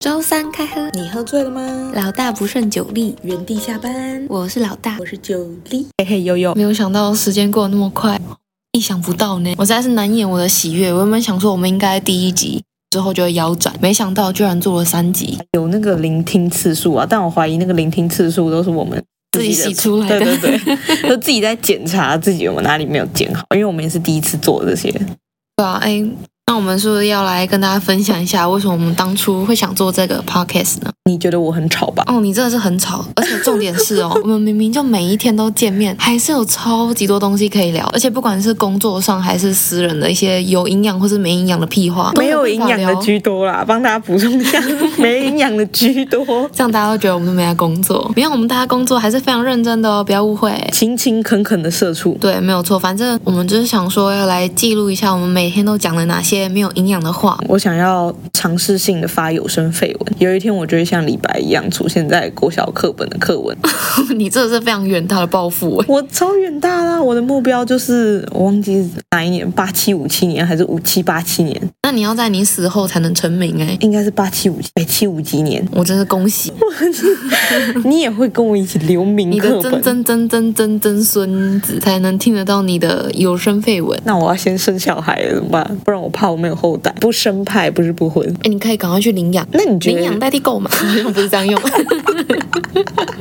週三開喝，你喝醉了嗎？老大不勝酒力，原地下班。我是老大，我是酒力。嘿嘿，悠悠，沒有想到時間過得那麼快，意想不到呢。我實在是難掩我的喜悅。我原本想說我們應該第一集之後就會腰斬，沒想到居然做了三集，有那個聆聽次數啊。但我懷疑那個聆聽次數都是我們自己，自己洗出來的，對對對， 都自己在檢查自己有沒有哪裡沒有剪好，因為我們也是第一次做這些。對啊，哎。我們是不是要來跟大家分享一下，為什麼我們當初會想做這個 Podcast 呢？你覺得我很吵吧？哦，你真的是很吵，而且重點是哦， 我們明明就每一天都見面，還是有超級多東西可以聊。而且不管是工作上還是私人的一些有營養或是沒營養的屁話，都有營養的居多啦， 幫大家補充一下。 沒營養的居多，這樣大家都覺得我們都沒在工作。你看我們大家工作還是非常認真的哦，不要誤會，勤勤懇懇的社畜。對，沒有錯，反正我們就是想說要來記錄一下我們每天都講了哪些。沒有營養的話，我想要嘗試性的發有聲廢文。有一天，我就會像李白一樣出現在國小課本的課文。 你這是非常遠大的抱負、欸、我超遠大啦！我的目標就是，我忘記哪一年，八七五七年還是五七八七年？那你要在你死後才能成名哎、欸？應該是八七五七七五幾年？我真是恭喜！ 你也會跟我一起留名？ 你的曾曾曾曾曾曾孫子才能聽得到你的有聲廢文？那我要先生小孩了怎麼辦？不然。我怕我沒有後代，不生派不是不婚。哎，你可以趕快去領養。那你覺得領養代替購買嗎？不是這樣用。哈哈，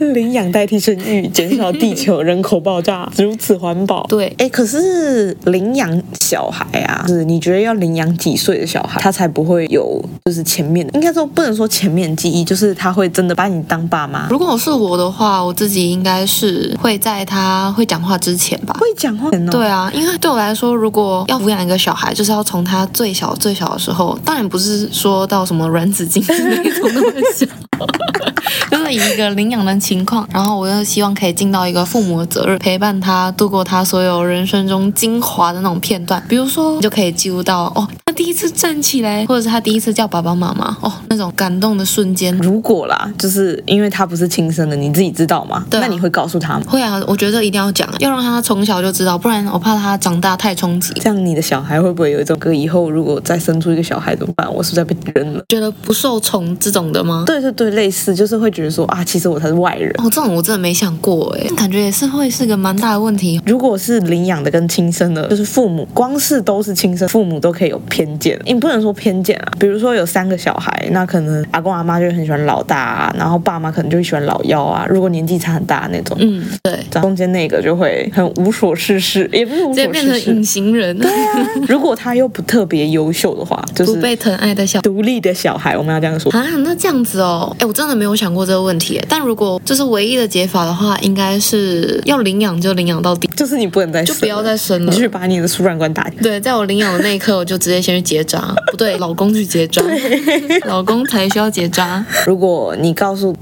領養代替生育，減少地球人口爆炸，如此環保。對，哎、欸，可是領養小孩啊，就是你覺得要領養幾歲的小孩，他才不會有就是前面應該說不能說前面記憶，就是他會真的把你當爸媽。如果我是我的話，我自己應該是會在他會講話之前吧，會講話前、哦。對啊，因為對我來說，如果要撫養一個小孩，就是要從他最小最小的時候，當然不是說到什麼卵子精子那種那麼小。 就是一個領養的情況，然後我又希望可以盡到一個父母的責任，陪伴他度過他所有人生中精華的那種片段，比如說你就可以記錄到哦。第一次站起來，或者是他第一次叫爸爸媽媽哦，那種感動的瞬間。如果啦，就是因為他不是親生的，你自己知道嗎？對啊。那你會告訴他嗎？會啊，我覺得一定要講，要讓他從小就知道，不然我怕他長大太衝擊。這樣你的小孩會不會有一種，哥以後如果再生出一個小孩怎麼辦？我是不是要被扔了？覺得不受寵這種的嗎？對對對，類似就是會覺得說啊，其實我才是外人。哦，這種我真的沒想過，哎，感覺也是會是個蠻大的問題。如果是領養的跟親生的，就是父母光是都是親生父母都可以有偏偏見，你不能說偏見啊。比如說有三個小孩，那可能阿公阿媽就很喜歡老大，啊，然後爸媽可能就會喜歡老幺啊。如果年紀差很大那種，嗯，對，中間那個就會很無所事事，也不是無所事事，直接變成隱形人。對啊，如果他又不特別優秀的話，就是被疼愛的小孩，獨立的小孩，我們要這樣說啊。那這樣子哦，哎，我真的沒有想過這個問題。但如果這是唯一的解法的話，應該是要領養就領養到底，就是你不能再生，就不要再生了，你去把你的輸卵管打掉。對，在我領養的那一刻，我就直接先。 因為結紮？不對，老公去結紮，老公才需要結紮。如果你告訴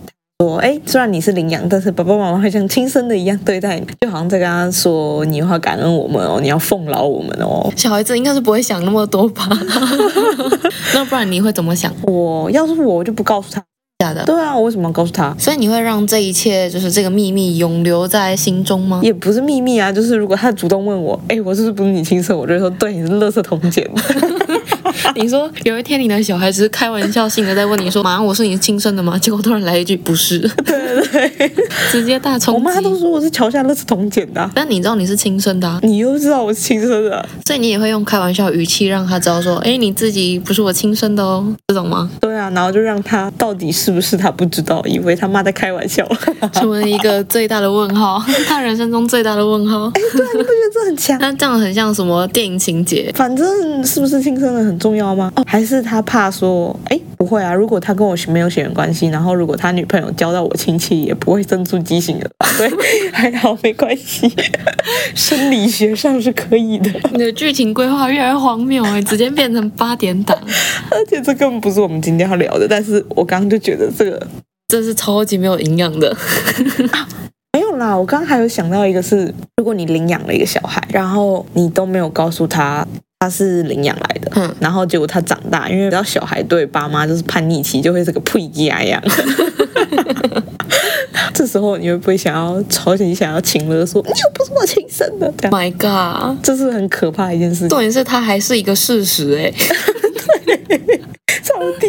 我，哎、欸，雖然你是領養，但是爸爸媽媽會像親生的一樣對待你，就好像在跟他說，你要感恩我們哦，你要奉勞我們哦。小孩子應該是不會想那麼多吧？ 那不然你會怎麼想？我要是我，我就不告訴他。對啊，我為什麼要告訴他？所以你會讓這一切就是這個秘密永留在心中嗎？也不是秘密啊，就是如果他主動問我，哎、欸，我是不是不是你親生？我就會說，對，你是垃圾桶撿的。你說有一天你的小孩只是開玩笑性的在問你說，媽，我是你親生的嗎？結果突然來一句，不是。對對對，直接大衝擊 我媽都說我是橋下垃圾桶撿的，啊，但你知道你是親生的，啊，你又知道我是親生的，啊，所以你也會用開玩笑語氣讓他知道說，哎、欸，你自己不是我親生的哦，這種嗎？然後就讓他到底是不是他不知道，以為他媽在開玩笑，成為一個最大的問號， 他人生中最大的問號。哎、欸，對、啊，你不覺得這很強？那這樣很像什麼電影情節？反正是不是親生的很重要嗎？哦，還是他怕說哎、欸不會啊！如果他跟我沒有血緣關係，然後如果他女朋友交到我親戚，也不會生出畸形的，對，還好沒關係，生理學上是可以的。你的劇情規劃越來越荒謬哎、欸，直接變成八點檔，而且這根本不是我們今天要聊的。但是我剛剛就覺得這個，這是超級沒有營養的。 沒有啦，我剛剛還有想到一個是，是如果你領養了一個小孩，然後你都沒有告訴他。他是領養來的，嗯，然後結果他長大，因為只要小孩對爸媽就是叛逆期，就會是個破雞一樣。 這時候你會不會想要吵醒想要請了說你又不是我親生的，oh，My God，這是很可怕的一件事情。重點是他還是一個事實哎、欸。 超地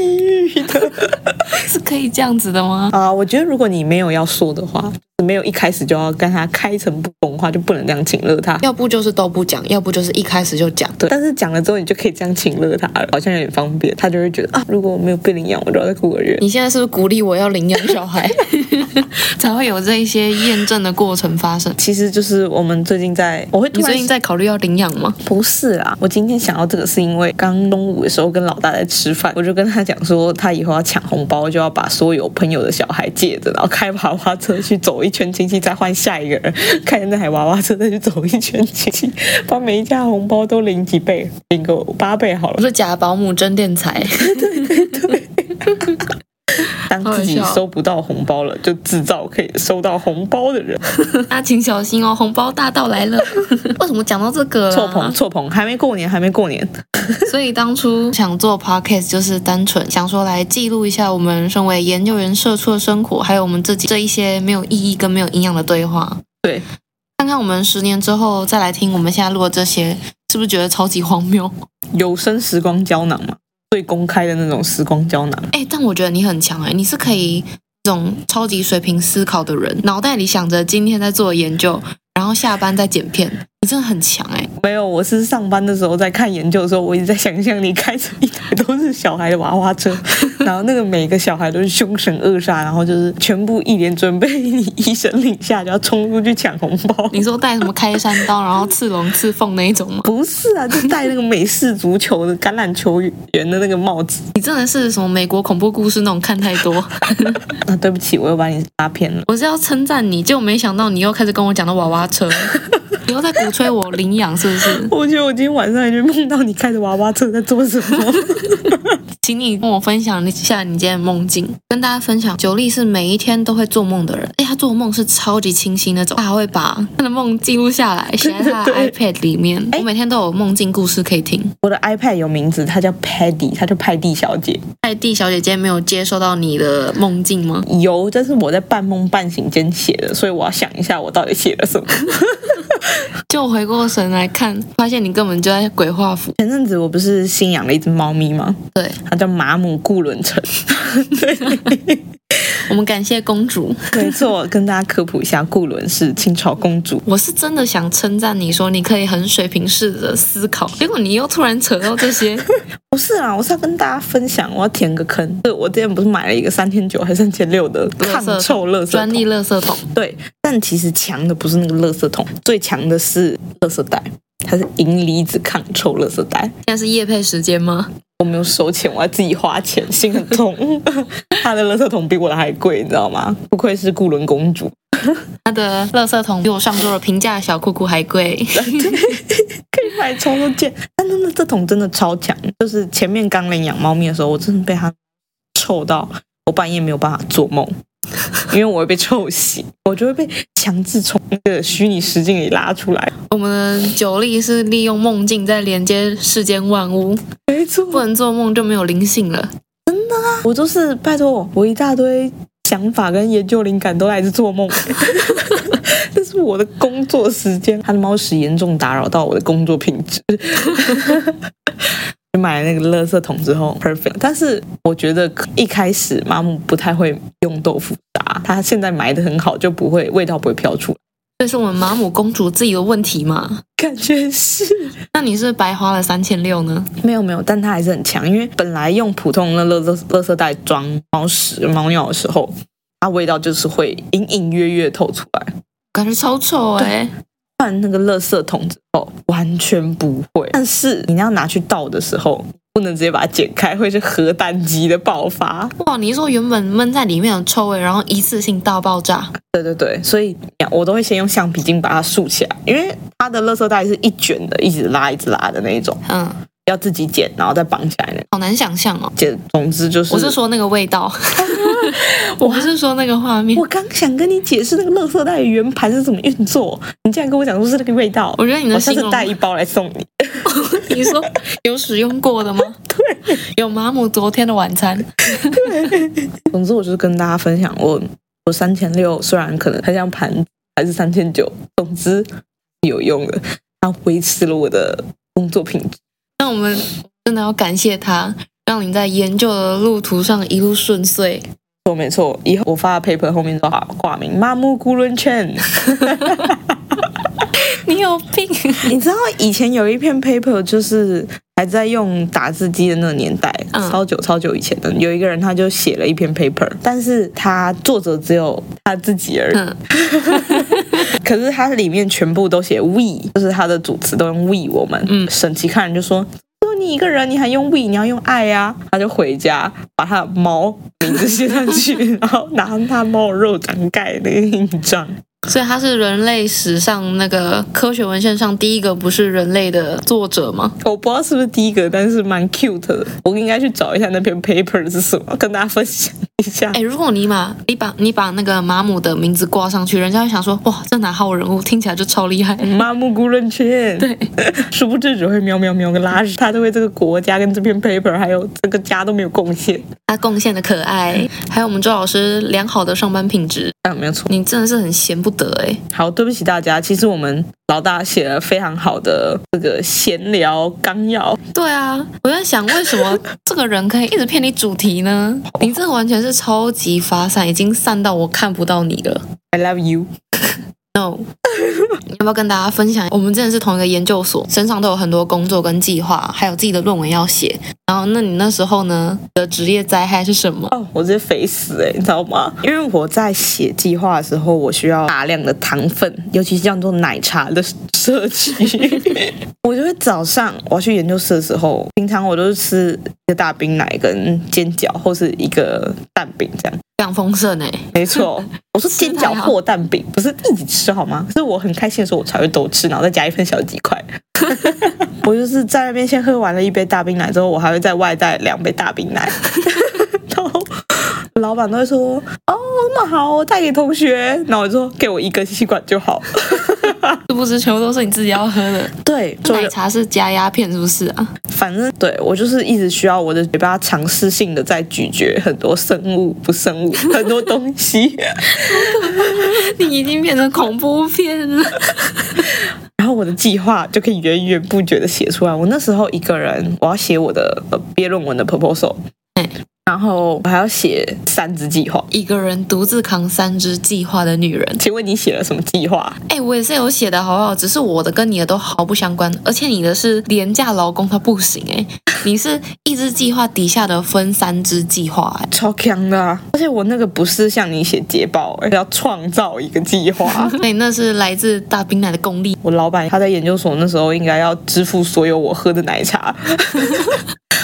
獄的 是可以這樣子的嗎？啊、uh，我覺得如果你沒有要說的話，沒有一開始就要跟他開誠布公的話，就不能這樣情勒他。要不就是都不講，要不就是一開始就講。對，但是講了之後，你就可以這樣情勒他了，好像有點方便，他就會覺得啊，如果我沒有被領養，我就要在哭個月。你現在是不是鼓勵我要領養小孩， 才會有這一些驗證的過程發生？其實就是我們最近在，我會突然你最近在考慮要領養嗎？不是啊，我今天想到這個是因為剛中午的時候跟老。老大在吃飯，我就跟他講說，他以後要搶紅包，就要把所有朋友的小孩借着，然後開娃娃車去走一圈親戚，再換下一個人，開那台娃娃車再去走一圈親戚，把每一家紅包都領幾倍，領夠八倍好了。我說假保姆真斂財，對對對，對， 當自己收不到紅包了，就製造可以收到紅包的人。 大家請小心哦，紅包大盜來了。 為什麼講到這個？錯棚錯棚，還沒過年，還沒過年。 所以當初想做 podcast 就是單純想說來記錄一下我們身為研究員社畜的生活，還有我們自己這一些沒有意義跟沒有營養的對話。對，看看我們十年之後再來聽我們現在錄的這些，是不是覺得超級荒謬？有聲時光膠囊嘛，最公開的那種時光膠囊。誒、欸，但我覺得你很強誒、欸，你是可以這種超級水平思考的人，腦袋裡想着今天在做研究，然後下班再剪片。你真的很強哎、欸！沒有，我是上班的時候在看研究的時候，我一直在想象你開着一台都是小孩的娃娃車， 然後那個每個小孩都是凶神惡煞，然後就是全部一臉準備你，一聲令下就要衝出去搶紅包。你說帶什麼開山刀， 然後刺龍刺鳳那一種嗎？不是啊，就戴那個美式足球的橄欖球員的那個帽子。 你真的是什麼美國恐怖故事那種看太多？ 啊、對不起，我又把你拉偏了。我是要稱讚你，結果沒想到你又開始跟我講到娃娃車，又 在。催我領養是不是？我覺得我今天晚上已經夢到你開着娃娃車在做什麼？ 請你跟我分享一下你今天的夢境，跟大家分享。酒力是每一天都會做夢的人，哎、欸，她做夢是超級清晰那種，她還會把她的夢記錄下來，寫在她的 iPad 裡面。我每天都有夢境故事可以聽。我的 iPad 有名字，它叫 Patty，它叫派蒂小姐。派蒂小姐姐沒有接收到你的夢境嗎？有，但是我在半夢半醒間寫的，所以我要想一下我到底寫了什麼。 就。我回過神來看，發現你根本就在鬼畫符。前陣子我不是新養了一隻貓咪嗎？對，它叫馬姆顧倫城。 對 我們感謝公主，沒錯，跟大家科普一下，顧倫是清朝公主。 我是真的想稱讚你說，你可以很水平式的思考，結果你又突然扯到這些。 不是啦，我是要跟大家分享，我要填個坑。對，我之前不是買了一個三千九還是三千六的抗臭垃圾、專利、垃圾桶？對，但其實強的不是那個垃圾桶，最強的是垃圾袋，它是銀離子抗臭垃圾袋。現在是業配時間嗎？我沒有收錢，我要自己花錢，心很痛。他的垃圾桶比我的還貴，你知道嗎？不愧是固倫公主，她的垃圾桶比我上周的平價小褲褲還貴， 可以買超多件。但這桶真的超強，就是前面剛領養貓咪的時候，我真的被它臭到，我半夜沒有辦法做夢。 因為我會被臭醒，我就會被強制從那個虛擬實境裡拉出來。我們酒力，是利用夢境在連接世間萬物，沒錯，不能做夢就沒有靈性了。真的啊，我就是拜托我，我一大堆想法跟研究靈感都來自做夢， 這是我的工作時間。他的貓屎嚴重打擾到我的工作品質。 買那個垃圾桶之後，perfect。但是我覺得一開始麻母不太會用豆腐渣，它現在埋的很好，就不會味道不會飄出來。這是我們麻母公主自己的問題嘛？感覺是。那你是，不是白花了三千六呢？沒有沒有，但它還是很強，因為本來用普通的垃圾，垃圾袋裝貓屎貓尿的時候，它味道就是會隱隱約約，約透出來，感覺超臭哎、欸。換那個垃圾桶之後，完全不會。但是你要拿去倒的時候，不能直接把它剪開，會是核彈級的爆發。哇！你說原本悶在裡面的臭味，然後一次性倒爆炸？對對對，所以我都會先用橡皮筋把它豎起來，因為它的垃圾袋是一卷的，一直拉一直拉的那一種。嗯。要自己剪，然後再綁起來呢。好難想象哦。剪，總之就是，我是說那個味道。 我，我不是說那個畫面。我剛想跟你解釋那個垃圾袋圓盤是怎麼運作，你竟然跟我講說是那個味道。我覺得你能，下次帶一包來送你。Oh, 你說有使用過的嗎？對， 有。馬姆昨天的晚餐。 對，總之我就是跟大家分享，我我三千六，雖然可能還像盤，還是三千九，總之有用的，它維持了我的工作品質。 我們真的要感謝他，讓你在研究的路途上一路順遂。錯，沒錯，以後我發的 paper 後面都好掛名，麻木古倫全。 你有病？你知道以前有一篇 paper 就是還在用打字機的那個年代，超久超久以前的，有一個人他就寫了一篇 paper，但是他作者只有他自己而已。嗯、 可是他裡面全部都寫 we，就是他的主詞都用 we，我們。嗯，沈琦看人就說：“只你一個人，你還用 we？你要用 I 呀、啊！”他就回家把他的貓名字寫上去，然後拿他貓肉掌蓋那個印章。所以他是人類史上那個科學文獻上第一個不是人類的作者嗎？我不知道是不是第一個，但是蠻 cute 的。我應該去找一下那篇 paper 是什麼，跟大家分享一下。哎，如果你把你把你把那個馬姆的名字掛上去，人家會想說，哇，這哪號人物？聽起來就超厲害。馬姆古任切，對，殊不知只會喵喵喵跟拉屎。他對這個國家跟這篇 paper 還有這個家都沒有貢獻，他貢獻的可愛、嗯，還有我們周老師良好的上班品質，啊、沒有錯。你真的是很閒不。對、欸，好，對不起大家。其實我們老大寫了非常好的這個閒聊綱要。對啊，我在想為什麼這個人可以一直偏離主題呢？ 你這完全是超級發散，已經散到我看不到你了。I love you。 no，要不要跟大家分享？我們真的是同一個研究所，身上都有很多工作跟計劃，還有自己的論文要寫。然後，那你那時候呢？的職業災害是什麼？哦，我直接肥死誒、欸、你知道嗎？因為我在寫計劃的時候，我需要大量的糖分，尤其是像做奶茶的設計。 我就會早上我要去研究室的時候，平常我都是吃一個大冰奶跟煎餃，或是一個蛋餅這樣。兩豐盛呢、欸？沒錯，我說煎餃和蛋餅，不是自己吃好嗎？是我很開心的時候，我才會多吃，然後再加一份小雞塊。 我就是在那邊先喝完了一杯大冰奶之後，我還會在外帶兩杯大冰奶。 然後老闆都會說：“哦，那麼好，我帶給同學。”然後我就說：“給我一個吸管就好。 ” 是不是，全部都是你自己要喝的？對，奶茶是加鴉片，是不是啊？反正對我就是一直需要我的嘴巴嘗試性的在咀嚼很多生物不生物 很多東西。 你已經變成恐怖片了。 然後我的計劃就可以源源不絕的寫出來。我那時候一個人，我要寫我的呃，畢業論文的 proposal。然後我還要寫三支計劃，一個人獨自扛三支計劃的女人，請問你寫了什麼計劃？哎、欸，我也是有寫的，好不好，只是我的跟你的都毫不相關，而且你的是廉價勞工，他不行哎、欸。你是一支計劃底下的分三支計劃，超強的、啊！而且我那個不是向你寫捷報，要創造一個計劃。對、 欸，那是來自大冰奶的功力。我老板他在研究所那時候應該要支付所有我喝的奶茶。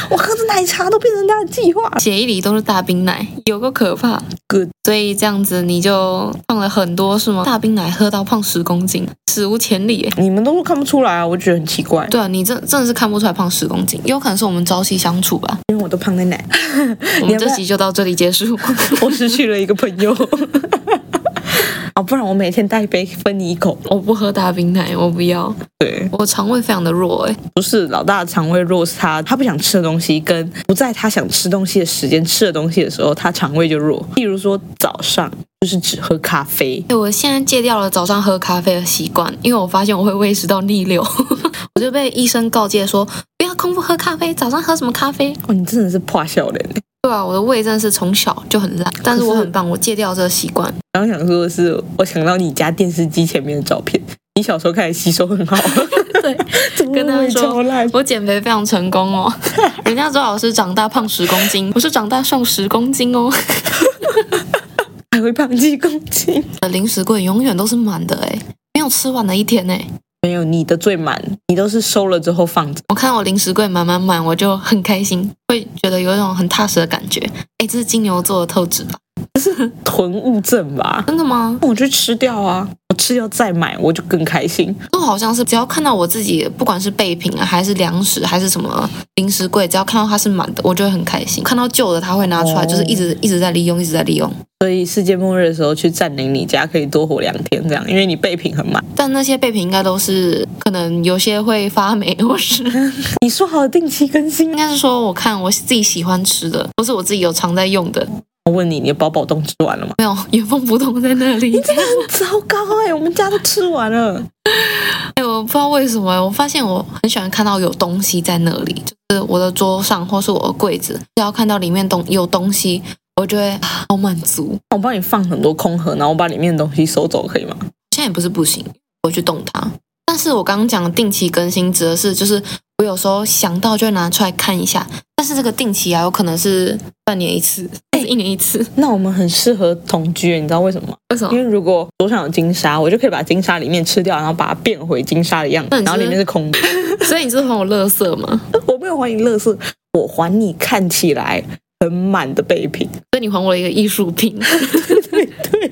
我喝的奶茶都變成他的計劃，協議裡都是大冰奶，有夠可怕。Good. 所以這樣子你就胖了很多，是嗎？大冰奶喝到胖十公斤，史無前例。你們都說看不出來啊，我覺得很奇怪。對啊，你真真的是看不出來胖十公斤，有可能是。我們朝夕相處吧，因為我都胖在奶，奶。我們這期就到這裡結束，要要我失去了一個朋友。 哦、不然我每天帶一杯分你一口。我不喝大冰奶，我不要。對，我腸胃非常的弱。欸、不是，老大的腸胃弱是他，他不想吃的東西跟不在他想吃東西的時間吃的東西的時候，他腸胃就弱。例如說早上就是只喝咖啡。我現在戒掉了早上喝咖啡的習慣，因為我發現我會胃食道逆流， 我就被醫生告誡說不要空腹喝咖啡。早上喝什麼咖啡？哦、你真的是怕笑的對啊，我的胃真的是從小就很爛，但是我很棒，我戒掉這個習慣。剛想說的是，我想到你家電視機前面的照片，你小時候開始吸收很好。 對，會跟他說我減肥非常成功哦，人家周老師長大胖十公斤， 我是長大瘦十公斤哦， 還會胖幾公斤。零食櫃永遠都是滿的，哎，沒有吃完的一天呢。沒有你的最滿，你都是收了之後放着。我看我零食櫃滿滿滿，我就很開心，會覺得有一種很踏實的感覺。誒，這是金牛座的特質吧。是囤物症吧？真的嗎？那我去吃掉啊！我吃掉再買，我就更開心。都好像是只要看到我自己，不管是備品啊，還是糧食，還是什麼零食櫃，只要看到它是滿的，我就會很開心。看到舊的，它會拿出來，哦、就是一直一直在利用，一直在利用。所以世界末日的時候去占領你家，可以多活兩天這樣，因為你備品很滿。但那些備品應該都是，可能有些會發霉，或是 你說好定期更新，應該是說我看我自己喜歡吃的，都是我自己有常在用的。我問你，你的寶寶凍吃完了嗎？沒有，原封不動在那裡。你真的很糟糕。欸、我們家都吃完了。 哎，我不知道為什麼。欸，我發現我很喜歡看到有東西在那裡，就是我的桌上或是我的櫃子，只要看到裡面東有東西，我就會好滿足。我幫你放很多空盒，然後我把裡面的東西收走，可以嗎？現在也不是不行，我去動它。但是我剛剛講的定期更新指的是就是。我有時候想到就會拿出來看一下，但是這個定期啊，有可能是半年一次，一年一次、欸。那我們很適合同居，你知道為什麼嗎？為什麼？因為如果桌上有金沙，我就可以把金沙裡面吃掉，然後把它變回金沙的樣子，是是，然後裡面是空的。所以你是，是還我樂色嗎？我沒有還你樂色，我還你看起來很滿的備品。所以你還我了一個藝術品。對。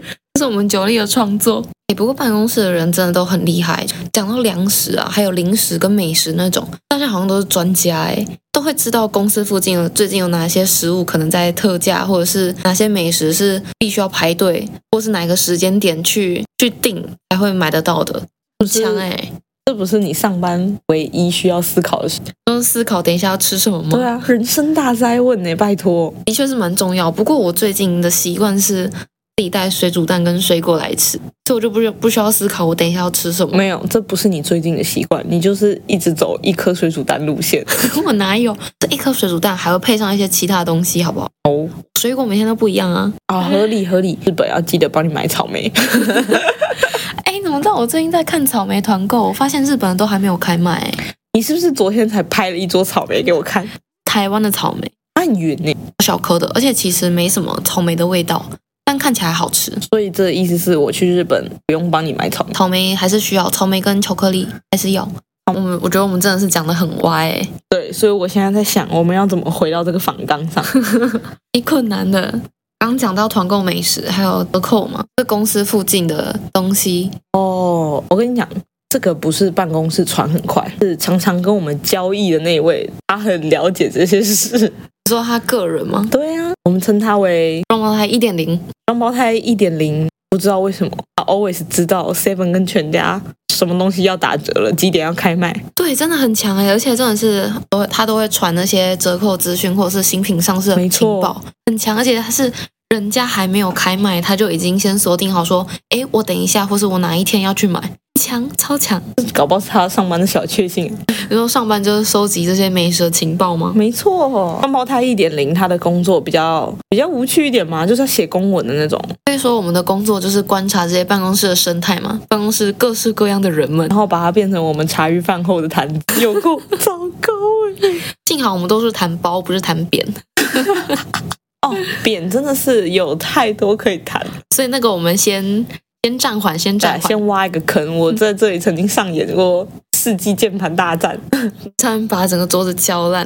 這是我們酒力的創作，哎、欸，不過辦公室的人真的都很厲害。講到糧食啊，還有零食跟美食那種，大家好像都是專家，誒，都會知道公司附近最近有哪些食物可能在特價，或者是哪些美食是必須要排隊，或是哪個時間點去去訂才會買得到的。不強誒，這不是你上班唯一需要思考的事情。是思考等一下要吃什麼嗎？對啊，人生大哉問呢、欸，拜託，的確是蠻重要。不過我最近的習慣是。自己帶水煮蛋跟水果來吃，所以我就不不需要思考，我等一下要吃什麼？沒有，這不是你最近的習慣，你就是一直走一顆水煮蛋路線。 我哪有？這一顆水煮蛋還會配上一些其他東西，好不好？哦、oh.，水果每天都不一樣啊！啊、oh,，合理合理。日本要記得幫你買草莓。哎、 欸，你怎麼知道我最近在看草莓團購？我發現日本都還沒有開賣、欸。你是不是昨天才拍了一桌草莓給我看？台灣的草莓，蠻圓誒，小顆的，而且其實沒什麼草莓的味道。看起來好吃，所以這意思是我去日本不用幫你買草莓？草莓還是需要，草莓跟巧克力，還是要？我們我覺得我們真的是講的很歪。對，所以我現在在想，我們要怎麼回到這個訪綱上？一 困難的。剛講到團購美食，還有折扣嘛，這公司附近的東西哦。我跟你講，這個不是辦公室傳很快，是常常跟我們交易的那一位，他很了解這些事。你說他個人嗎？對。我們稱他為雙胞胎一點零，雙胞胎一點零。不知道為什麼，他 always 知道 Seven 跟全家什麼東西要打折了，幾點要開賣。對，真的很強哎，而且真的是，他都會傳那些折扣資訊或者是新品上市的情報，沒錯，很強。而且他是人家還沒有開賣，他就已經先鎖定好說，誒，我等一下，或是我哪一天要去買。強，超強！這搞不好是他上班的小確幸啊。你說上班就是收集這些美食的情報嗎？沒錯，雙胞胎一點零，他的工作比較比較無趣一點嘛，就是要寫公文的那種。所以說我們的工作就是觀察這些辦公室的生態嘛，辦公室各式各樣的人們，然後把它變成我們茶餘飯後的談資。有夠 糟糕欸！幸好我們都是談包，不是談扁。哈哈哈哈哦，扁真的是有太多可以談。所以那個，我們先。先暫緩，先暫緩，先挖一個坑。我在這裡曾經上演過世紀鍵盤大戰，他 們把整個桌子敲爛。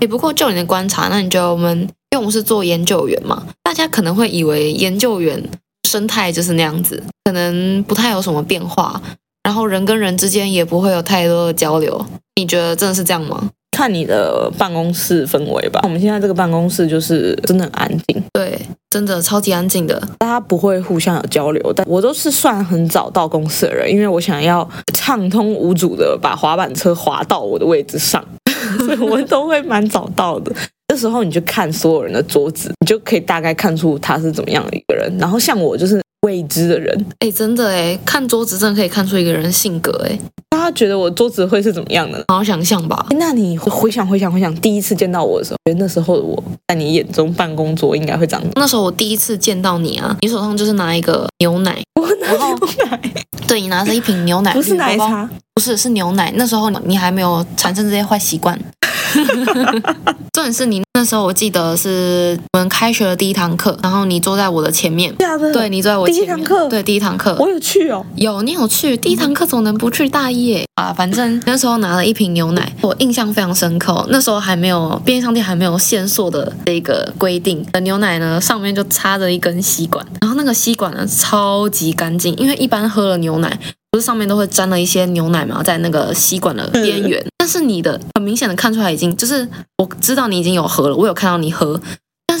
也、 欸、不過就你的觀察，那你覺得我們因為我們是做研究員嘛，大家可能會以為研究員生態就是那樣子，可能不太有什麼變化，然後人跟人之間也不會有太多的交流。你覺得真的是這樣嗎？看你的辦公室氛圍吧。我們現在這個辦公室就是真的很安靜，對，真的超級安靜的，大家不會互相有交流，但我都是算很早到公司的人，因為我想要暢通無阻的把滑板車滑到我的位置上， 所以我都會蠻早到的。這時候你就看所有人的桌子，你就可以大概看出他是怎麼樣的一個人。然後像我就是。未知的人，哎、欸，真的哎，看桌子真的可以看出一個人的性格，哎，大家覺得我桌子會是怎麼樣的呢？好好想象吧、欸。那你回想回想回想，第一次見到我的時候，覺得那時候我在你眼中辦公桌應該會長什麼？那時候我第一次見到你啊，你手上就是拿一個牛奶，我拿牛奶， 對，你拿着一瓶牛奶，不是奶茶，好不好？不是，是牛奶。那時候你還沒有產生這些壞習慣，哈哈哈哈哈。重點是你。那時候我記得是我們開學的第一堂課，然後你坐在我的前面。對，你坐在我前面。第一堂課。對，第一堂課。我有去哦。有，你有去。第一堂課，怎麼能不去大一。嗯。啊，反正那時候拿了一瓶牛奶，我印象非常深刻哦。那時候還沒有便利商店還沒有限塑的這個規定，牛奶呢上面就插着一根吸管，然後那個吸管呢超級乾淨，因為一般喝了牛奶。不是上面都會沾了一些牛奶嘛，在那個吸管的邊緣，但是你的很明顯的看出來已經就是，我知道你已經有喝了，我有看到你喝。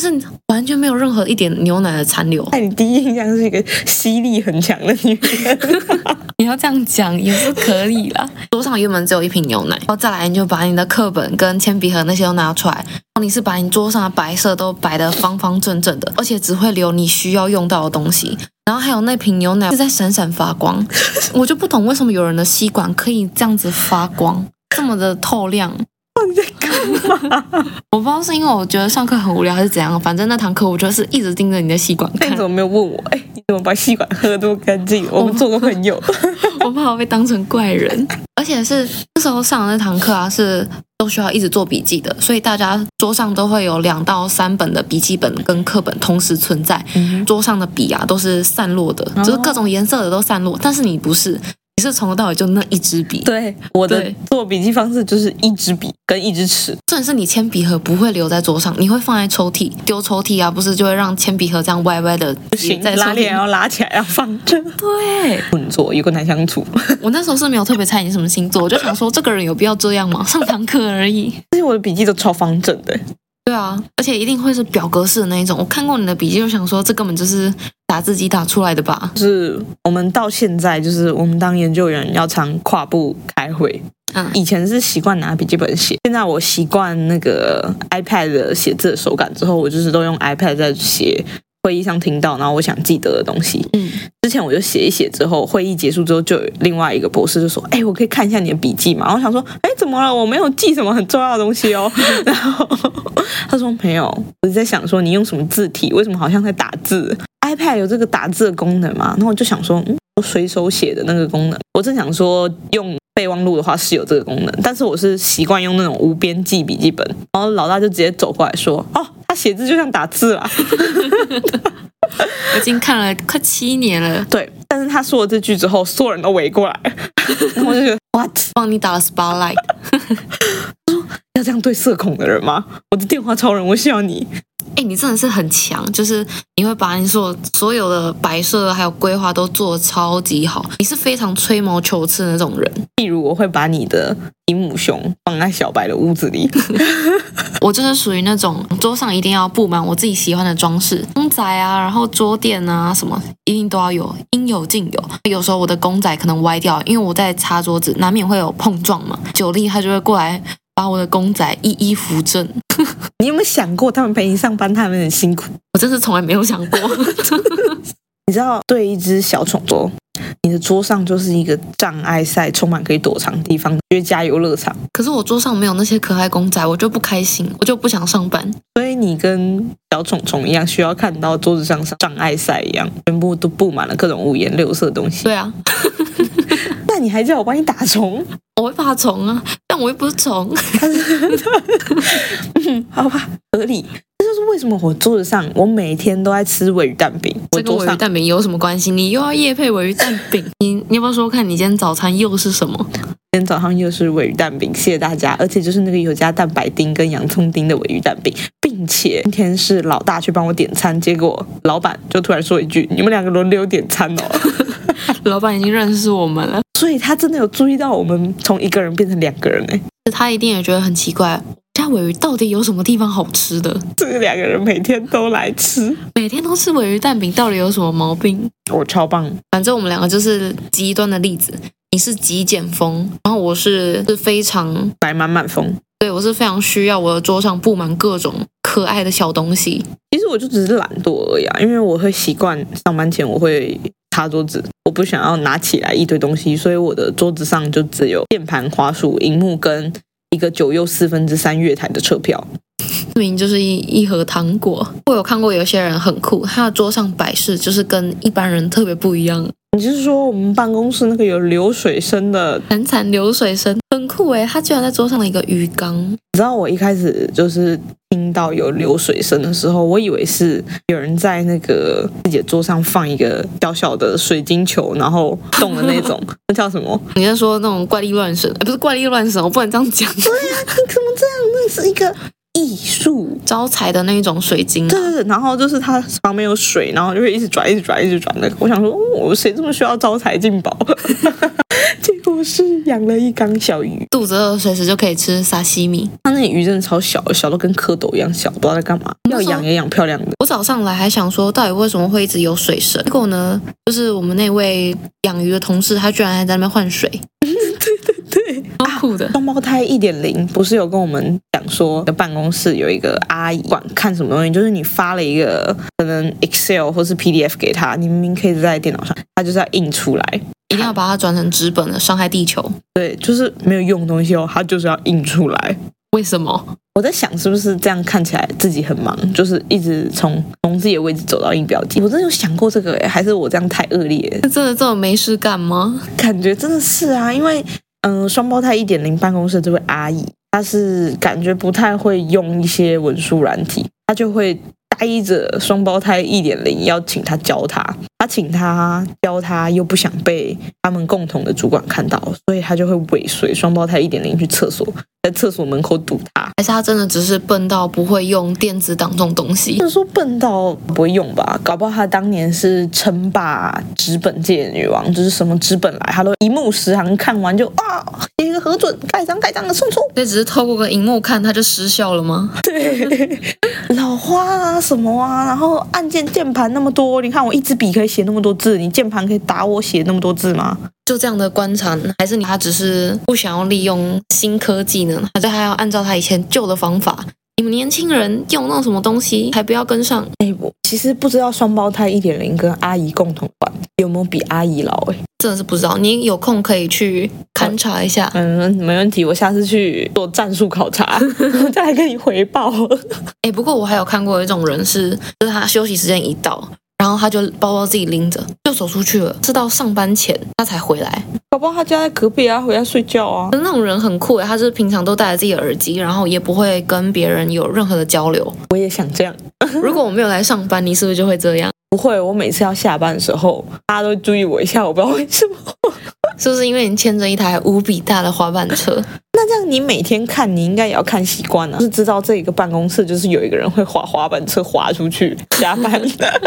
但是完全沒有任何一點牛奶的殘留，那你第一印象就是一個吸力很強的女人。 你要這樣講也是可以了。 桌上原本只有一瓶牛奶，然後再來你就把你的課本跟鉛筆盒那些都拿出來。然後你是把你桌上的白色都擺得方方正正的，而且只會留你需要用到的東西。然後還有那瓶牛奶是在閃閃發光， 我就不懂為什麼有人的吸管可以這樣子發光，這麼的透亮。 我不知道是因為我覺得上課很無聊還是怎樣，反正那堂課我覺得是一直盯着你的吸管看。你怎麼沒有問我？哎、欸，你怎麼把吸管喝得這麼乾淨？我們做朋友，我，不 我怕我被當成怪人。 而且是那時候上的那堂課啊，是都需要一直做筆記的，所以大家桌上都會有兩到三本的筆記本跟課本同時存在。嗯、桌上的筆啊都是散落的、哦，就是各種顏色的都散落，但是你不是。你是從頭到尾就那一支筆？對，我的做筆記方式就是一支筆跟一支尺。雖然是你鉛筆盒不會留在桌上，你會放在抽屜丟抽屜啊，不是就會讓鉛筆盒這樣歪歪的在？不行，拉鏈要拉起來，要放正。對，工作有個難相處。我那時候是沒有特別猜你什麼星座， 我就想說這個人有必要這樣嗎？上堂課而已。而且我的筆記都超方正的，對啊，而且一定會是表格式的那一種。我看過你的筆記，就想說這根本就是。打字機打出來的吧，就是我們到現在，就是我們當研究員要常跨步開會。嗯，以前是習慣拿筆記本寫，現在我習慣那個 iPad 的寫字的手感之後，我就是都用 iPad 在寫。會議上聽到，然後我想記得的東西。嗯，之前我就寫一寫，之後會議結束之後，就有另外一個博士就說：“哎，我可以看一下你的筆記嗎？”然後我想說：“哎，怎麼了？我沒有記什麼很重要的東西哦。 ”然後他說：“沒有。”我就在想說：“你用什麼字體？為什麼好像在打字？iPad 有這個打字的功能嗎？”然後我就想說：“嗯，我隨手寫的那個功能。”我正想說用備忘錄的話是有這個功能，但是我是習慣用那種無邊記筆記本。然後老大就直接走過來說：“哦。”寫字就像打字啦， 我已經看了快七年了。對，但是他說了這句之後，所有人都圍過來， 我就覺得 what？幫你打了 spotlight，說要這樣對社恐的人嗎？我的電話超人，我需要你。誒，你真的是很強，就是你會把你所所有的擺設還有規劃都做得超級好。你是非常吹毛求疵的那種人。例如，我會把你的姨母熊放在小白的屋子裡。 我就是屬於那種桌上一定要布滿我自己喜歡的裝飾，公仔啊，然後桌墊啊，什麼一定都要有，應有盡有。有時候我的公仔可能歪掉，因為我在擦桌子，難免會有碰撞嘛。酒力他就會過來把我的公仔一一扶正。 你有沒有想過，他們陪你上班，他們很辛苦？我真是從來沒有想過。 你知道，對一隻小蟲說，你的桌上就是一個障礙賽，充滿可以躲藏的地方，絕佳遊樂場。可是我桌上沒有那些可愛公仔，我就不開心，我就不想上班。所以你跟小蟲蟲一樣，需要看到桌子上，上障礙賽一樣，全部都布滿了各種五顏六色的東西。對啊， 那你還叫我幫你打蟲？我會怕蟲啊。我又不是蟲， 好吧，合理。這就是為什麼我桌子上，我每天都在吃鮪魚蛋餅。我跟鮪魚蛋餅有什麼關係？你又要業配鮪魚蛋餅？你你要不要說看你今天早餐又是什麼？今天早上又是鮪魚蛋餅，謝謝大家。而且就是那個有加蛋白丁跟洋蔥丁的鮪魚蛋餅，並且今天是老大去幫我點餐，結果老闆就突然說一句：“你們兩個輪流點餐哦。 ” 老闆已經認識我們了，所以他真的有注意到我們從一個人變成兩個人哎、欸，他一定也覺得很奇怪。家鮪魚到底有什麼地方好吃的？這兩個人每天都來吃，每天都吃鮪魚蛋餅，到底有什麼毛病？我、哦、超棒，反正我們兩個就是極端的例子。你是極簡風，然後我是是非常擺，滿滿風。對，我是非常需要，我的桌上布滿各種可愛的小東西。其實我就只是懶惰而已啊，因為我會習慣上班前我會，擦桌子，我不想要拿起來一堆東西，所以我的桌子上就只有鍵盤、滑鼠、熒幕跟一個九又四分之三月台的車票，明明就是一一盒糖果。我有看過有些人很酷，他的桌上擺設就是跟一般人特別不一樣。你就是說我們辦公室那個有流水聲的潺潺流水聲很酷誒。他居然在桌上的一個魚缸。你知道我一開始就是聽到有流水聲的時候，我以為是有人在那個自己的桌上放一個小小的水晶球，然後動的那種。那 叫什麼？你在說那種怪力亂神？哎、欸，不是怪力亂神，我不能這樣講。對呀，你怎麼這樣？那是一個。藝術招財的那一種水晶，對對對，然後就是它旁邊有水，然後就會一直轉，一直轉，一直轉的、那個。我想說，我、哦、誰這麼需要招財進寶？ 結果是養了一缸小魚，肚子餓隨時就可以吃沙西米。它那魚真的超小，小到跟蝌蚪一樣小，不知道在幹嘛。要養也養漂亮的。我早上來還想說，到底為什麼會一直有水聲？結果呢，就是我們那位養魚的同事，他居然還在那邊換水。對，很苦的雙、啊、胞胎一點零不是有跟我們講說的辦公室有一個阿姨管看什麼東西，就是你發了一個可能 Excel 或是 PDF 給他，你明明可以在電腦上，他就是要印出來，一定要把它轉成紙本的，傷害地球、啊。對，就是沒有用的東西哦，他就是要印出來。為什麼？我在想是不是這樣看起來自己很忙，就是一直從從自己的位置走到印表機。我真的有想過這個誒、欸，還是我這樣太惡劣？那真的這麼沒事幹嗎？感覺真的是啊，因為。嗯，雙胞胎一點零辦公室這位阿姨，她是感覺不太會用一些文書軟體，她就會呆着雙胞胎一點零，要請他教她，她請他教她，又不想被他們共同的主管看到，所以他就會尾隨雙胞胎一點零去廁所，在廁所門口堵他，還是他真的只是笨到不會用電子檔這種東西？就是說笨到不會用吧？搞不好他當年是稱霸紙本界的女王，就是什麼紙本來，hello 一目十行，看完就啊，給一個核准蓋章蓋章的送出。那只是透過個螢幕看，它就失效了嗎？對，老花啊什麼啊，然後按鍵鍵盤那麼多，你看我一支筆可以寫那麼多字，你鍵盤可以打我寫那麼多字嗎？就這樣的觀察，還是你他只是不想要利用新科技呢，還是還要按照他以前舊的方法？你們年輕人用那什麼東西，還不要跟上？哎、欸，我其實不知道雙胞胎一點零跟阿姨共同玩有沒有比阿姨老。哎、欸，真的是不知道。你有空可以去勘察一下。啊、嗯，沒問題，我下次去做戰術考察，再 來可以回報。哎、 欸，不過我還有看過一種人是，就是他休息時間一到。然後他就包包自己拎着就走出去了，直到上班前他才回來。寶寶他家在隔壁啊，回家睡覺啊。那種人很酷欸，他是平常都戴着自己的耳機，然後也不會跟別人有任何的交流。我也想這樣。 如果我沒有來上班，你是不是就會這樣？不會，我每次要下班的時候，大家都會注意我一下，我不知道為什麼， 是不是因為你牽着一台無比大的滑板車？ 那這樣你每天看，你應該也要看習慣了，啊，就是知道這個辦公室就是有一個人會滑滑板車滑出去下班的。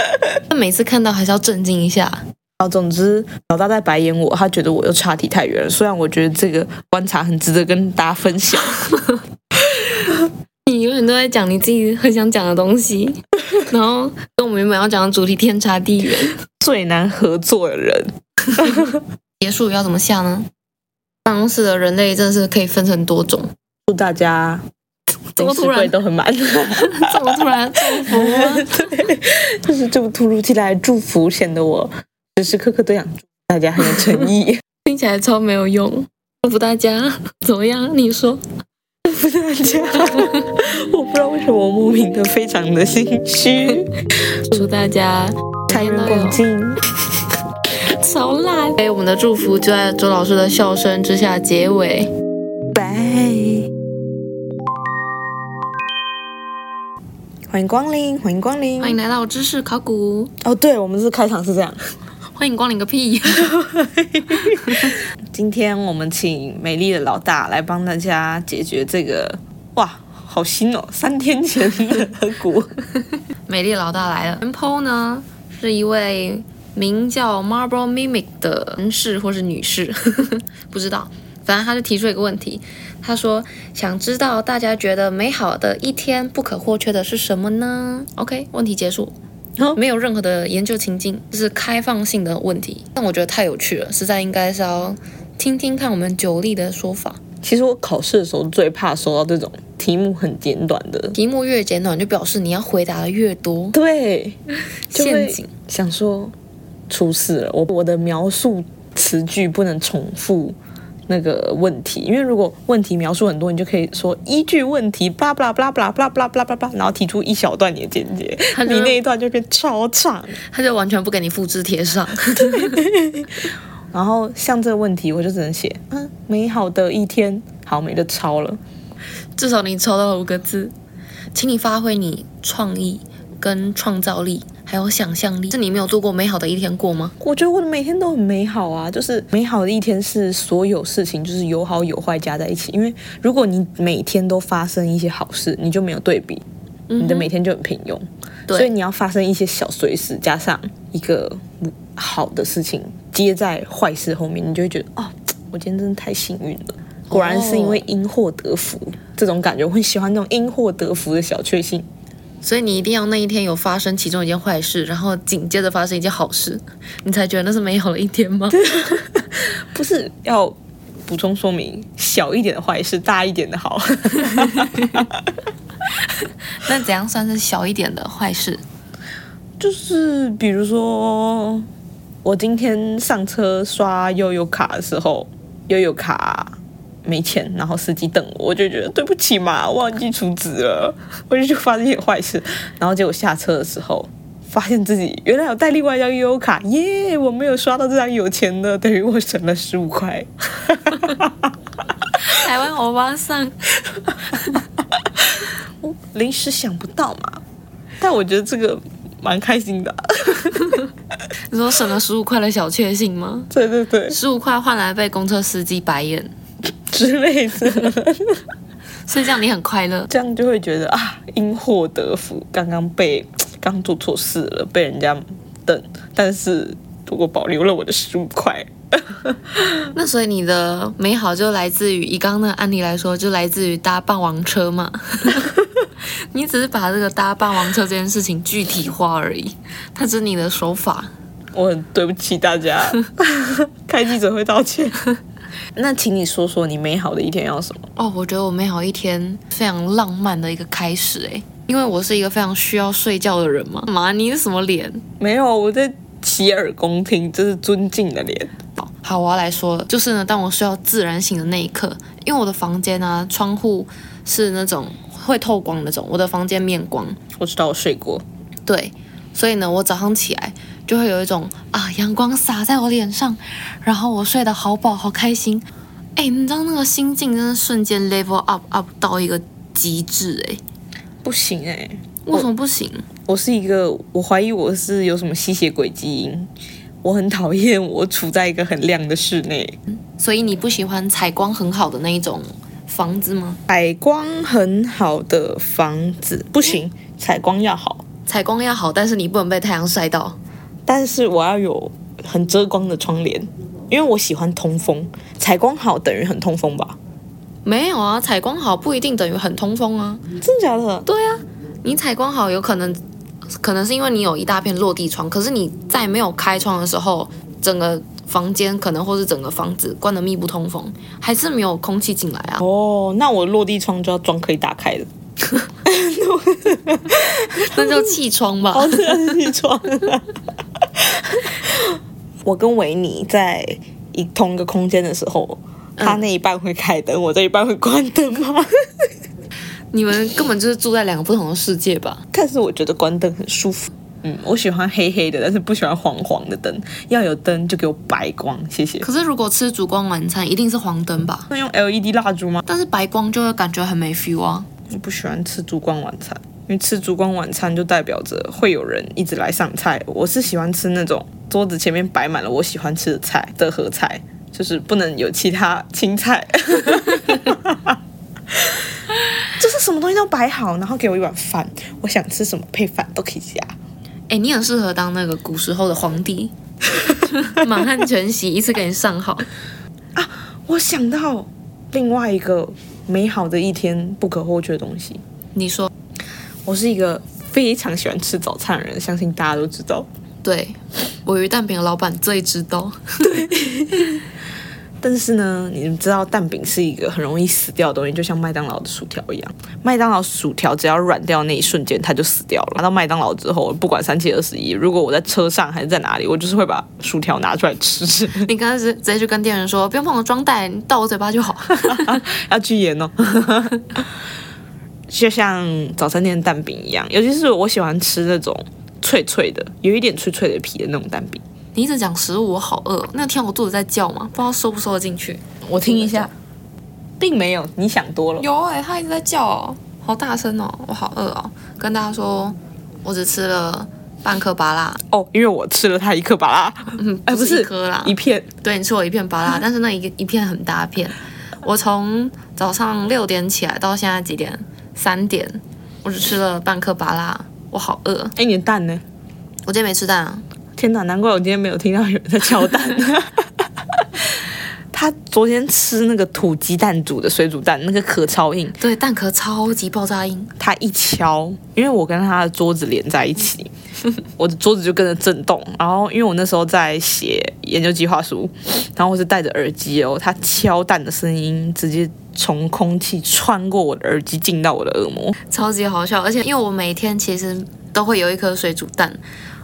那 每次看到還是要震驚一下。啊，總之老大在白眼我，他覺得我又差題太遠了。雖然我覺得這個觀察很值得跟大家分享。 你永遠都在講你自己很想講的東西。 然後跟我們原本要講的主題天差地遠，最難合作的人。 結束要怎麼下呢？辦公室的人類真的是可以分成多種。祝大家，怎麼突然都很滿？怎麼突然祝 福、啊 對？就是這麼突如其來祝福，顯得我時時刻刻都想祝大家很有誠意， 聽起來超沒有用。祝福大家，怎麼樣？你說？祝大家， 我不知道為什麼我莫名的非常的心虛。祝大家開源廣進，從來、哎。我們的祝福就在周老師的笑聲之下結尾。拜，歡迎光臨，歡迎光臨，歡迎來到知識考古。哦，對，我們是開場是這樣。哎，歡迎光臨個屁！ 今天我們請美麗的老大來幫大家解決這個哇，好新哦，三天前的骨。 美麗老大來了，人拋呢，是一位名叫 Marble Mimic 的男士或是女士， 不知道。反正他就提出一個問題，他說想知道大家覺得美好的一天不可或缺的是什麼呢？OK，問題結束。哦，然後沒有任何的研究情境，就是開放性的問題，但我覺得太有趣了，實在應該是要聽聽看我們酒力的說法。其實我考試的時候最怕收到這種題目很簡短的，題目越簡短就表示你要回答的越多。對，陷阱，想說出事了，我我的描述詞句不能重複。那個問題，因為如果問題描述很多，你就可以說依據問題，巴拉巴拉巴拉巴拉巴拉巴拉巴拉，然後提出一小段你的見解，你那一段就可以超長，他就完全不給你複製貼上。對 然後像這個問題，我就只能寫嗯，美好的一天，好，沒得抄了。至少你抄到了五個字，請你發揮你創意跟創造力。還有想象力，是你沒有度過美好的一天過嗎？我覺得我的每天都很美好啊，就是美好的一天是所有事情就是有好有壞加在一起。因為如果你每天都發生一些好事，你就沒有對比，你的每天就很平庸。嗯、所以你要發生一些小衰事加上一個好的事情接在壞事後面，你就會覺得哦，我今天真的太幸運了。果然是因為因禍得福、哦、這種感覺，我很喜歡那種因禍得福的小確幸。所以你一定要那一天有發生其中一件壞事，然後緊接着發生一件好事，你才覺得那是美好的一天嗎？對，不是，要補充說明，小一點的壞事，大一點的好。 那怎樣算是小一點的壞事？就是比如說，我今天上車刷悠遊卡的時候，悠遊卡。沒錢，然後司機瞪我，我就覺得對不起嘛，忘記充值了，我就就發生一些壞事。然後結果下車的時候，發現自己原來有帶另外一張悠遊卡，耶、yeah！我沒有刷到這張有錢的，等於我省了十五塊。 台灣歐巴桑 我臨時想不到嘛，但我覺得這個蠻開心的。 你說省了十五塊的小確幸嗎？對對對，十五塊換來被公車司機白眼。之類的，所以這樣你很快樂，這樣就會覺得啊，因禍得福。剛剛被剛做錯事了，被人家瞪。但是如果保留了我的十五塊， 那所以你的美好就來自於以剛剛的案例來說，就來自於搭霸王車嘛。 你只是把這個搭霸王車這件事情具體化而已，它是你的手法。我很對不起大家， 開記者會道歉。那請你說說你美好的一天要什麼？哦，我覺得我美好一天非常浪漫的一個開始哎、欸，因為我是一個非常需要睡覺的人嘛。媽，你是什麼臉？沒有，我在洗耳恭聽，這、就是尊敬的臉。好，我要來說了，就是呢，當我需要自然醒的那一刻，因為我的房間啊，窗戶是那種會透光的那種，我的房間面光。我知道我睡過。對，所以呢，我早上起來。就會有一種啊，陽光灑在我臉上，然後我睡得好飽，好開心。欸，你知道那個心境真的瞬間 level up up 到一個極致欸，不行欸。為什麼不行？我，我是一個，我懷疑我是有什麼吸血鬼基因。我很討厭我處在一個很亮的室內。所以你不喜歡採光很好的那一種房子嗎？採光很好的房子不行。採光要好，採光要好，但是你不能被太陽曬到。但是我要有很遮光的窗簾，因為我喜歡通風，採光好等於很通風吧？沒有啊，採光好不一定等於很通風啊。真的假的？對啊，你採光好，有可能可能是因為你有一大片落地窗，可是你在沒有開窗的時候，整個房間可能或是整個房子關得密不通風，還是沒有空氣進來啊？哦、oh，那我落地窗就要裝可以打開的， 那就氣窗吧？oh，是啊，是氣窗。 我跟維尼在一同一個空間的時候、嗯，他那一半會開燈，我這一半會關燈嗎？ 你們根本就是住在兩個不同的世界吧？但是我覺得關燈很舒服。嗯，我喜歡黑黑的，但是不喜歡黃黃的燈。要有燈就給我白光，謝謝。可是如果吃燭光晚餐，一定是黃燈吧？嗯，那用 LED 蠟燭嗎？但是白光就會感覺很沒 feel 啊。我不喜歡吃燭光晚餐。因為吃燭光晚餐就代表着會有人一直來上菜。我是喜歡吃那種桌子前面擺滿了我喜歡吃的菜的和菜，就是不能有其他青菜。 就是什麼東西都擺好，然後給我一碗飯，我想吃什麼配飯都可以加，啊。哎，欸，你很適合當那個古時候的皇帝，滿 漢全席一次給你上好啊！我想到另外一個美好的一天不可或缺的東西。你說。我是一個非常喜歡吃早餐的人，相信大家都知道。對，我魚蛋餅的老闆最知道。 對，但是呢，你們知道蛋餅是一個很容易死掉的東西，就像麥當勞的薯條一樣。麥當勞薯條只要軟掉那一瞬間，它就死掉了。拿到麥當勞之後，不管三七二十一，如果我在車上還是在哪裡，我就是會把薯條拿出來吃、吃。你剛才直接就跟店員說， 不用幫我裝袋，你倒我嘴巴就好。 要去鹽哦。 就像早餐店的蛋餅一樣，尤其是我喜歡吃那種脆脆的，有一點脆脆的皮的那種蛋餅。你一直講食物，我好餓。那天我肚子在叫嘛，不知道收不收得進去。我聽一下，並沒有。你想多了。有哎、欸，他一直在叫哦、喔，好大聲哦、喔，我好餓哦、喔。跟大家說，我只吃了半顆芭樂。哦、oh,，因為我吃了他一顆芭樂，嗯，哎，不是一顆啦、欸，一片。對，你吃我一片芭樂， 但是那一個一片很大片。我從早上六點起來到現在幾點？三點，我只吃了半顆芭樂，我好餓。哎、欸，你的蛋呢？我今天沒吃蛋啊！天哪，難怪我今天沒有聽到有人在敲蛋。 他昨天吃那個土雞蛋煮的水煮蛋，那個殼超硬，對，蛋殼超級爆炸硬。他一敲，因為我跟他的桌子連在一起， 我的桌子就跟着震動。然後，因為我那時候在寫研究計劃書，然後我是戴着耳機哦，他敲蛋的聲音直接。從空氣穿過我的耳機進到我的耳膜，超級好笑。而且因為我每天其實都會有一顆水煮蛋，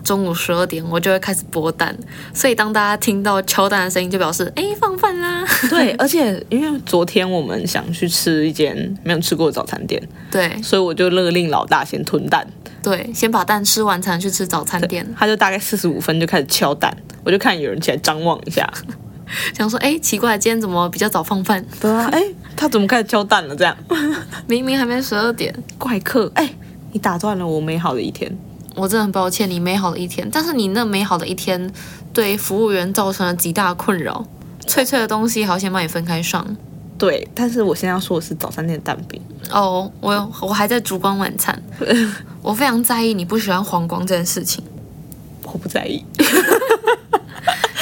中午十二點我就會開始剝蛋，所以當大家聽到敲蛋的聲音，就表示哎放飯啦、啊。對，而且因為昨天我們想去吃一間沒有吃過的早餐店， 對，所以我就勒令老大先吞蛋，對，先把蛋吃完，才能去吃早餐店。他就大概四十五分就開始敲蛋，我就看有人起來張望一下。 想說，哎、欸，奇怪，今天怎麼比較早放飯？對啊，哎、欸，他怎麼開始敲蛋了？這樣，明明還沒十二點，怪客！哎、欸，你打斷了我美好的一天，我真的很抱歉你美好的一天，但是你那美好的一天對服務員造成了極大的困擾。脆脆的東西好想幫你分開上。對，但是我現在要說的是早餐店的蛋餅。哦、oh,，我我還在燭光晚餐。 我非常在意你不喜歡黃光這件事情。我不在意。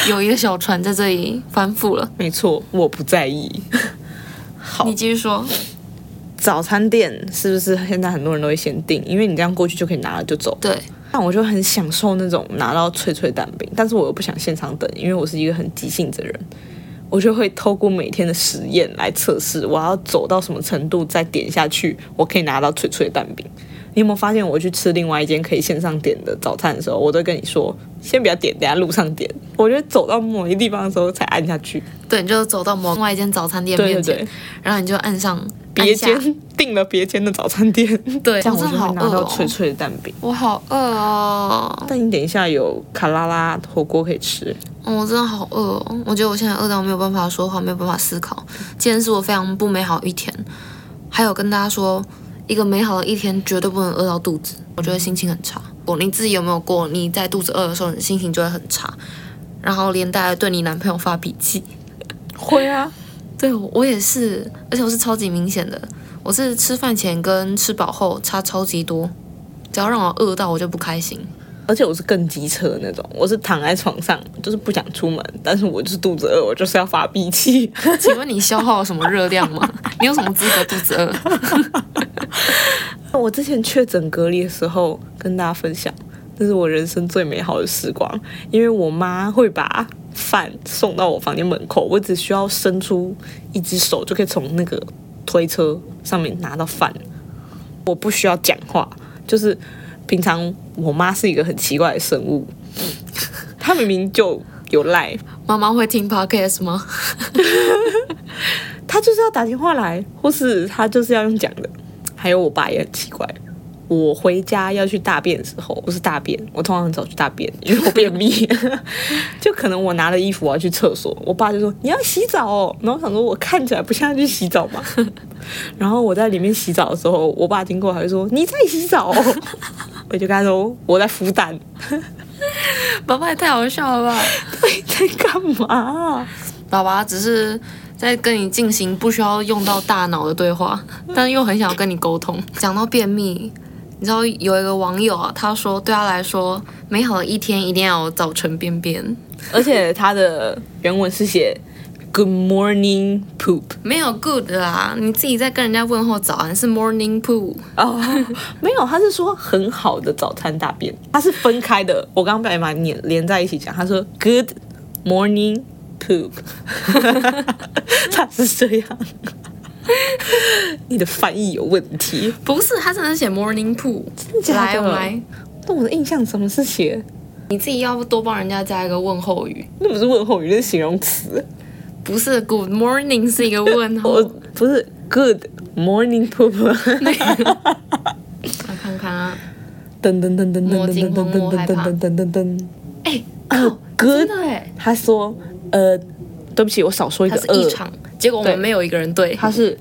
有一個小船在這裡翻覆了，沒錯，我不在意。 好，你繼續說，早餐店是不是現在很多人都會先訂？因為你這樣過去就可以拿了就走了。對，但我就很享受那種拿到脆脆蛋餅，但是我又不想現場等，因為我是一個很急性子的人，我就會透過每天的實驗來測試我要走到什麼程度再點下去，我可以拿到脆脆蛋餅。你有沒有發現，我去吃另外一間可以線上點的早餐的時候，我都跟你說，先不要點，等下路上點。我覺得走到某一地方的時候才按下去。對，你就走到某另外一間早餐店面前對對對，然後你就按上別間定了別間的早餐店。對，這真的好脆脆的蛋餅哦。我好餓哦。但你等一下有卡拉拉火鍋可以吃。我真的好餓哦。我覺得我現在餓到沒有辦法說話，沒有辦法思考。今天是我非常不美好的一天。還有跟大家說。一個美好的一天絕對不能餓到肚子，我覺得心情很差。我你自己有沒有過？你在肚子餓的時候，你心情就會很差，然後連帶來對你男朋友發脾氣。會啊，對我也是，而且我是超級明顯的，我是吃飯前跟吃飽後差超級多，只要讓我餓到，我就不開心。而且我是更機車的那種，我是躺在床上，就是不想出門，但是我就是肚子餓，我就是要發脾氣。請問你消耗了什麼熱量嗎？ 你有什麼資格肚子餓？ 我之前確診隔離的時候，跟大家分享，這是我人生最美好的時光，因為我媽會把飯送到我房間門口，我只需要伸出一隻手就可以從那個推車上面拿到飯，我不需要講話，就是。平常我媽是一個很奇怪的生物，她明明就有 LINE。媽媽會聽 podcast 嗎？ 她就是要打電話來，或是她就是要用講的。還有我爸也很奇怪。我回家要去大便的時候，不是大便，我通常很早去大便，因為我便秘。 就可能我拿了衣服，我要去廁所，我爸就說你要洗澡哦，然後我想說我看起來不像是去洗澡嘛。 然後我在裡面洗澡的時候，我爸經過還會說你在洗澡哦， 我就跟他說我在孵蛋。 爸爸也太好笑了吧？你在幹嘛？爸爸只是在跟你進行不需要用到大腦的對話，但又很想要跟你溝通。講到便秘。你知道有一個網友啊，他說對他來說美好的一天一定要早晨便便，而且他的原文是寫 “Good morning poop”，沒有 “good” 啊，你自己在跟人家問候早安是 “morning poop” 哦，oh, 沒有，他是說很好的早餐大便，他是分開的，我剛剛把把粘連在一起講，他說 “Good morning poop”， 他是這樣。 你的翻譯有問題，不是他真的寫 morning poo，真的來、like、但我的印象怎麼是寫你自己要不多幫人家加一個問候語，那不是問候語，是形容詞。不是 good morning 是一個問候， 不是 good morning poo。我看看啊，噔噔噔噔噔噔噔噔噔噔噔噔，哎、 欸，哥、uh, 欸，他說呃，對不起，我少說一個異常。結果我們沒有一個人對，對，他是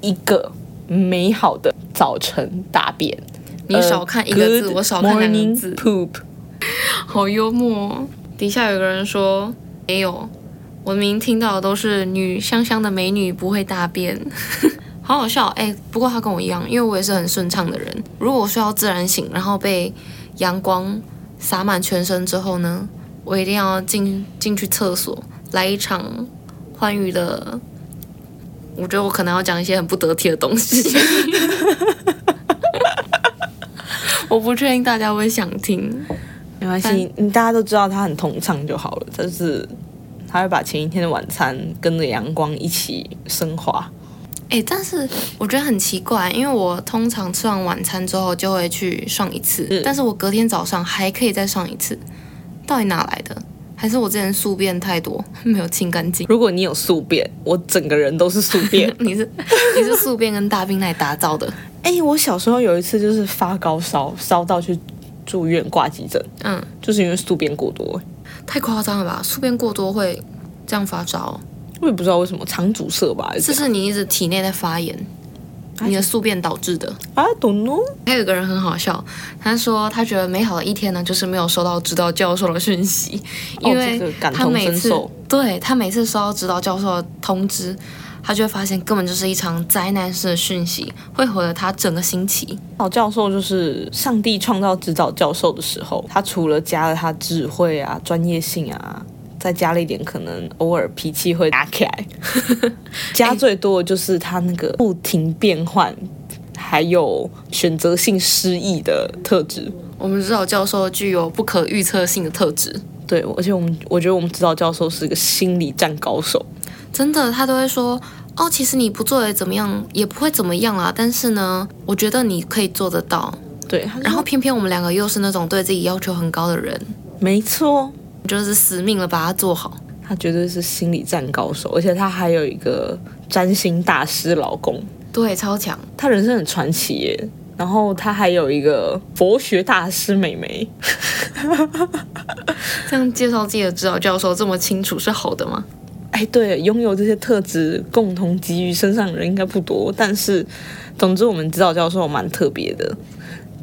一個美好的早晨大便。你少看一個字，呃、我少看兩個字。Morning、Poop，好幽默、哦。底下有個人說沒有，我明明聽到的都是女香香的美女不會大便， 好好笑哎。不過他跟我一樣，因為我也是很順暢的人。如果我睡到自然醒，然後被陽光灑滿全身之後呢，我一定要進進去廁所來一場，歡愉的，我覺得我可能要講一些很不得體的東西， 我不確定大家會想聽。沒關係，你大家都知道它很通暢就好了。但是它會把前一天的晚餐跟着陽光一起升華。誒、欸，但是我覺得很奇怪，因為我通常吃完晚餐之後就會去上一次，嗯、但是我隔天早上還可以再上一次，到底哪來的？還是我之前宿便太多，沒有清乾淨。如果你有宿便，我整個人都是宿便。 你是你是宿便跟大便來打造的。哎、 欸，我小時候有一次就是發高燒，燒到去住院掛急診。嗯，就是因為宿便過多。太誇張了吧？宿便過多會這樣發燒？我也不知道為什麼，腸阻塞吧？是是，是你一直體內在發炎。你的宿便導致的啊，懂懂。還有一個人很好笑，他說他覺得美好的一天呢，就是沒有收到指導教授的訊息，因為他每次、哦這個、感同身受。對，他每次收到指導教授的通知，他就會發現根本就是一場災難式的訊息，會毀了他整個星期。老教授就是上帝創造指導教授的時候，他除了加了他智慧啊、專業性啊。再加了一點，可能偶爾脾氣會打起來。 加最多的就是他那個不停變換、欸，還有選擇性失憶的特質。我們指導教授具有不可預測性的特質。對，而且我們我覺得我們指導教授是一個心理戰高手。真的，他都會說：“哦，其實你不作為怎麼樣，也不會怎麼樣啊。”但是呢，我覺得你可以做得到。對，然後偏偏我們兩個又是那種對自己要求很高的人。沒錯。就是死命的，把它做好。他絕對是心理戰高手，而且他還有一個占星大師老公，對，超強。他人生很傳奇耶。然後他還有一個佛學大師妹妹。 這樣介紹自己的指導教授這麼清楚是好的嗎？哎，對，擁有這些特質共同給予身上的人應該不多。但是，總之我們指導教授蠻特別的。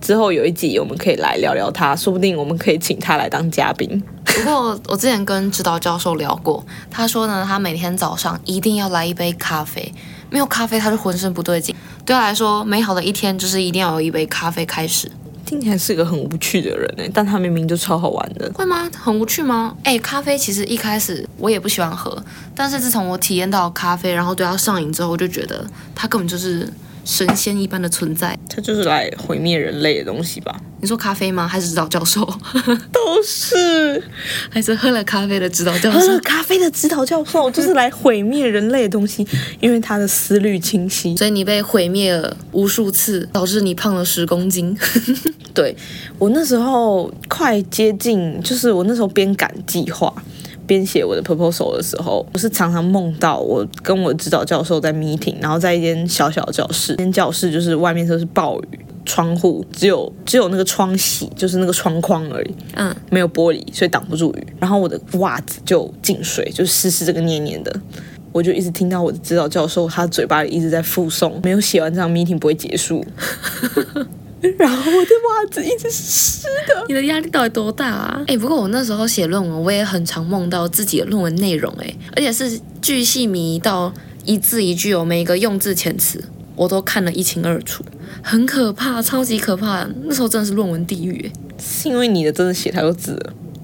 之後有一集我們可以來聊聊他，說不定我們可以請他來當嘉賓。 不過我之前跟指導教授聊過，他說呢，他每天早上一定要來一杯咖啡，沒有咖啡他就渾身不對勁。對他來說，美好的一天就是一定要有一杯咖啡開始。聽起來是個很無趣的人哎，但他明明就超好玩的，會嗎？很無趣嗎？誒，咖啡其實一開始我也不喜歡喝，但是自從我體驗到咖啡，然後對它上癮之後，我就覺得它根本就是。神仙一般的存在，它就是來毀滅人類的東西吧？你說咖啡嗎？還是指導教授？都是，還是喝了咖啡的指導教授？喝了咖啡的指導教授 就是來毀滅人類的東西，因為他的思慮清晰，所以你被毀滅了無數次，導致你胖了十公斤。 對我那時候快接近，就是我那時候邊趕計劃。編寫我的 proposal 的時候，我是常常夢到我跟我的指導教授在 meeting，然後在一間小小的教室，一間教室就是外面都是暴雨，窗戶只有只有那個窗隙，就是那個窗框而已，嗯，沒有玻璃，所以擋不住雨。然後我的襪子就進水，就濕濕這個黏黏的，我就一直聽到我的指導教授他嘴巴裡一直在複誦，沒有寫完這場 meeting 不會結束。 然後我的襪子一直是濕的。 你的壓力到底多大啊？哎、欸，不過我那時候寫論文，我也很常夢到自己的論文內容、欸，誒，而且是巨細靡遺到一字一句哦，每一個用字遣詞我都看得一清二楚，很可怕，超級可怕。那時候真的是論文地獄、欸。是因為你的真的寫太多字？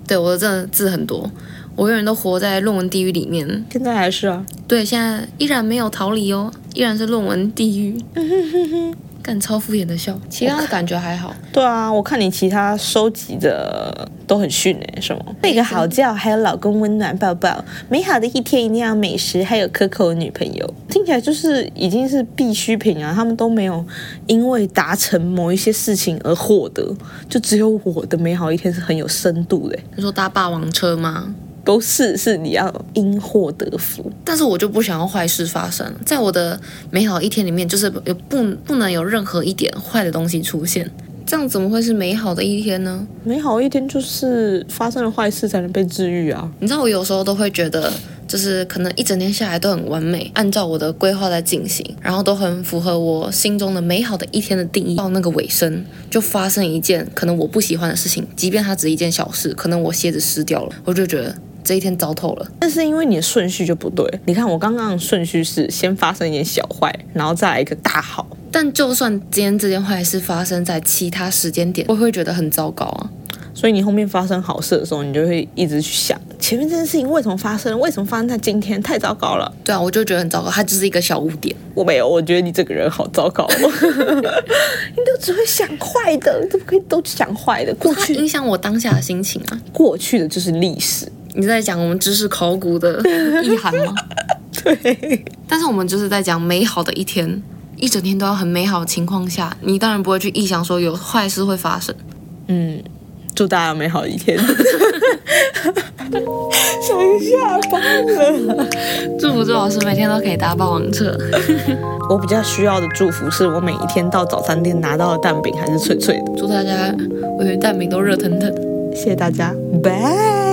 對，我的真的字很多，我永遠都活在論文地獄裡面。現在還是啊？對，現在依然沒有逃離哦，依然是論文地獄。 但超敷衍的笑，其他的感覺還好。對啊，我看你其他收集的都很遜哎、欸，什麼睡個好覺，還有老公溫暖抱抱，美好的一天一定要美食，還有可口的女朋友，聽起來就是已經是必需品啊。他們都沒有因為達成某一些事情而獲得，就只有我的美好一天是很有深度的、欸。你、就是、說搭霸王車嗎？都是是，你要因禍得福，但是我就不想要壞事發生。在我的美好的一天裡面，就是有不不能有任何一點壞的東西出現。這樣怎麼會是美好的一天呢？美好一天就是發生了壞事才能被治癒啊！你知道我有時候都會覺得，就是可能一整天下來都很完美，按照我的規劃在進行，然後都很符合我心中的美好的一天的定義。到那個尾聲，就發生一件可能我不喜歡的事情，即便它只一件小事，可能我鞋子濕掉了，我就覺得。這一天糟透了，但是因為你的順序就不對。你看，我剛剛的順序是先發生一點小壞，然後再來一個大好。但就算今天這件壞事發生在其他時間點，我會覺得很糟糕啊。所以你後面發生好事的時候，你就會一直去想前面這件事情為什麼發生？為什麼發生在今天？太糟糕了。對啊，我就覺得很糟糕。它只是一個小污點。我沒有，我覺得你這個人好糟糕。 你都只會想壞的，你怎麼可以都想壞的？過去影響、哦、我當下的心情啊？過去的就是歷史。你在講我們知識考古的意涵嗎？對，但是我們就是在講美好的一天，一整天都要很美好的情況下，你當然不會去臆想說有壞事會發生。嗯，祝大家有美好的一天。終 於 下班了。祝福周老師每天都可以搭霸王車。我比較需要的祝福是我每一天到早餐店拿到的蛋餅還是脆脆的。祝大家我覺得蛋餅都熱騰騰。謝謝大家，拜。